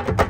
thank you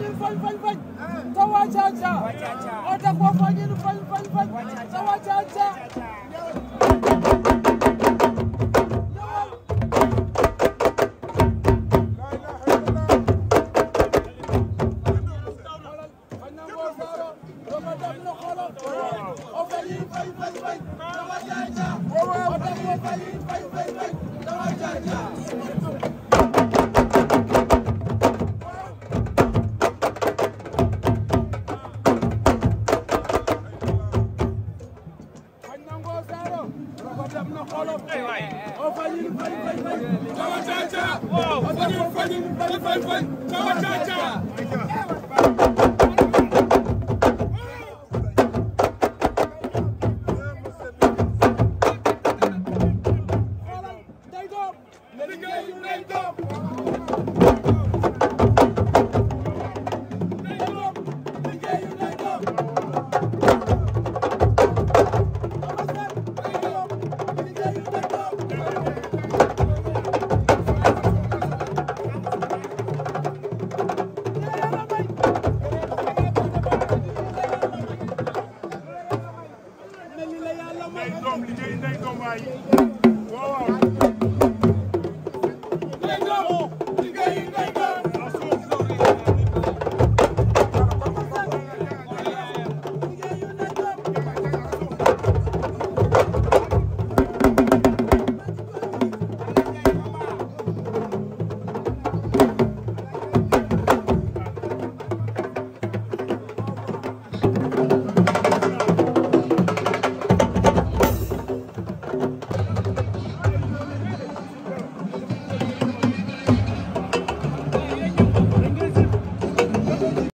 fanyinu fany fany fany ta wachacha watakuwa fanyinu fany fany fany ta wachacha Thank you. Fajar fajar fajar fajar fajar fajar nday doom liggéey nday doom waay waaw